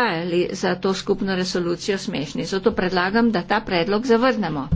ali za to skupno resolucijo smešni. Zato predlagam, da ta predlog zavrnemo.